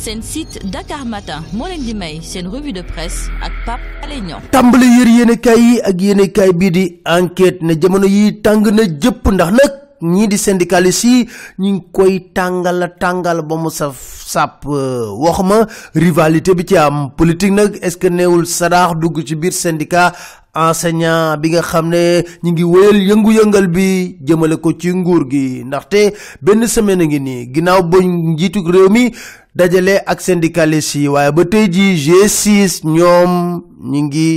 seen site Dakar Matin moo leen di may seen revue de presse ak Pape Alé Niang tàmbali yër yéenekaay yi ak yéenekaay bii di enquête ne jamono yi tàng na jëpp ndax nag ñii di syndicaliste yi ñu ngi koy tàngala tàngal ba mu saf sàpp euh, wax ma rivalité bi ci am politique nag est-ce que neewul sadaax dugg ci biir syndicat enseignant bi nga xam ne ñu ngi wéyal yëngu-yëngal bi jëmale ko ci nguur gi ndaxte benn semaine a ngi nii ginnaaw ba njiitu réew mi dajale ak seen di syndicaliste yi waaye ba tey jii G6 ñoom ñi ngi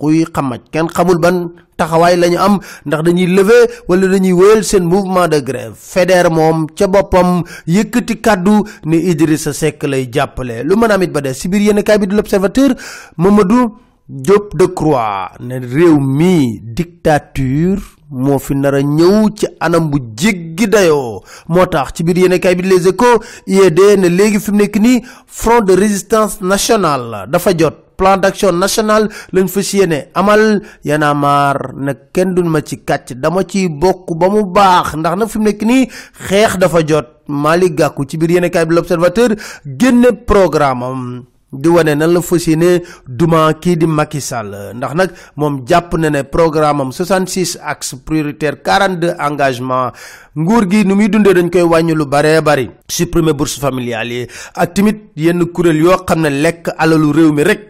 xuy xamaj kenn xamul ban taxawaay lañu am ndax dañuy lever wala dañuy wéyal seen mouvement de grève fédère moom ca boppam yëkkati kàddu ne Idrissa Seck lay jàppale lu mën a it ba dee si biir yenn kaay bi di l'Observateur Mamadou Diop Decroix ne réew mi dictature moo fi nar a ñëw ci anam bu jéggi dayoo moo tax ci biir yéenekaay bi Les Échos IED ne léegi fi mu nekk nii front de résistance nationale dafa jot plan d'action national lañ fas yéene amal Y'en a kenn duñ ma ci kàcc dama ciy bokk ba mu baax ndax na fi mu nekk nii xeex dafa jot Malick Gakou ci biir yéenekaay bi L'Observateur génne programme am di wane nan la fas yéene duma kii di Macky Sall ndax nag moom jàpp na ne programme am 66 axes prioritaires 42 engagement nguur gi nu muy dundee dañ koy wàññi lu baree bari supprimer bourse familiale yi ak tamit yenn kuréel yoo xam ne lekk alalu réew mi rek.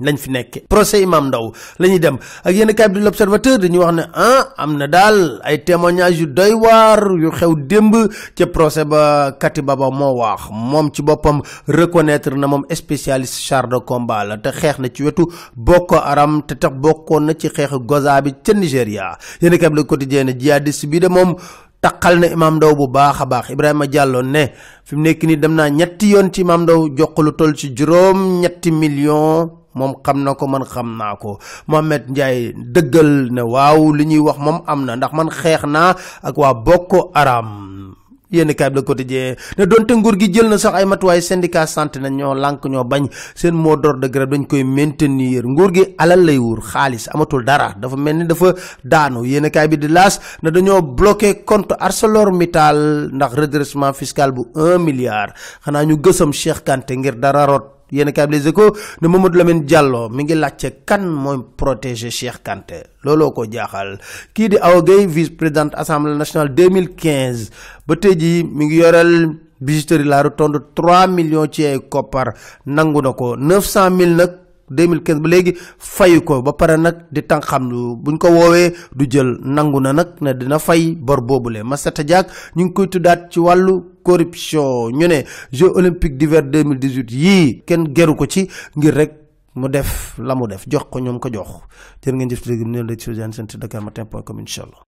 lañ fi nekkee procès imam Ndao la ñuy dem ak yenn kayit bi l'observateur dañuy wax ne ah am na daal ay témoignages yu doy waar yu xew démb ca procès ba Kati Baba moo wax moom ci boppam reconnaître na moom spécialiste char de combat la te xeex na ci wetu bokk aram te tax bokkoon na ci xeexu Goza bi ca Nigéria yenn kayit bi la quotidien jihadiste bi de moom. taqal na Imam ndaw bu baax a baax Ibrahima Diallo ne fi mu nekk nii dem naa ñetti yoon ci Imam ndaw jox toll ci juróom million moom xam na ko man xam naa ko Mohamed Ndiaye dëggal ne waaw li ñuy wax moom am na ndax man xeex naa ak waa Boko Haram yéen kaay bi la quotidien ne donte nguur gi jël na sax ay matuwaay syndicat santé na ñoo lànk ñoo bañ seen mot d'ordre de grève dañ koy maintenir nguur gi alal lay wur xaalis amatul dara dafa mel ni dafa daanu yéen kaay bi di laas ne dañoo bloqué compte ArcelorMittal ndax redressement fiscale bu un milliard xanaa ñu gësam Cheikh Kanté ngir dara rot yéen kaay bi Les Échos ne Mamadou Lamine Diallo mi ngi laajte kan mooy protéger Cheikh Kanté looloo ko jaaxal kii di Awa Gueye vice présidente assemblée nationale 2015 ba tey jii mi ngi yoreel bijouterie La Rotonde 3 millions ci ay koppar nangu na ko 900 000 nag. 2015 ba léegi fayu ko ba pare nag di tàng xam buñ ko woowee du jël nangu na nag ne dina fay bor ma Massata Diack ñu ngi koy tuddaat ci wàllu corruption ñu ne Jeux olympiques d'hiver 2018 yii kenn geru ko ci ngir rek mu def la mu def jox ko ñoom ko jox jërë ngeen jëf ci léegi mu ne la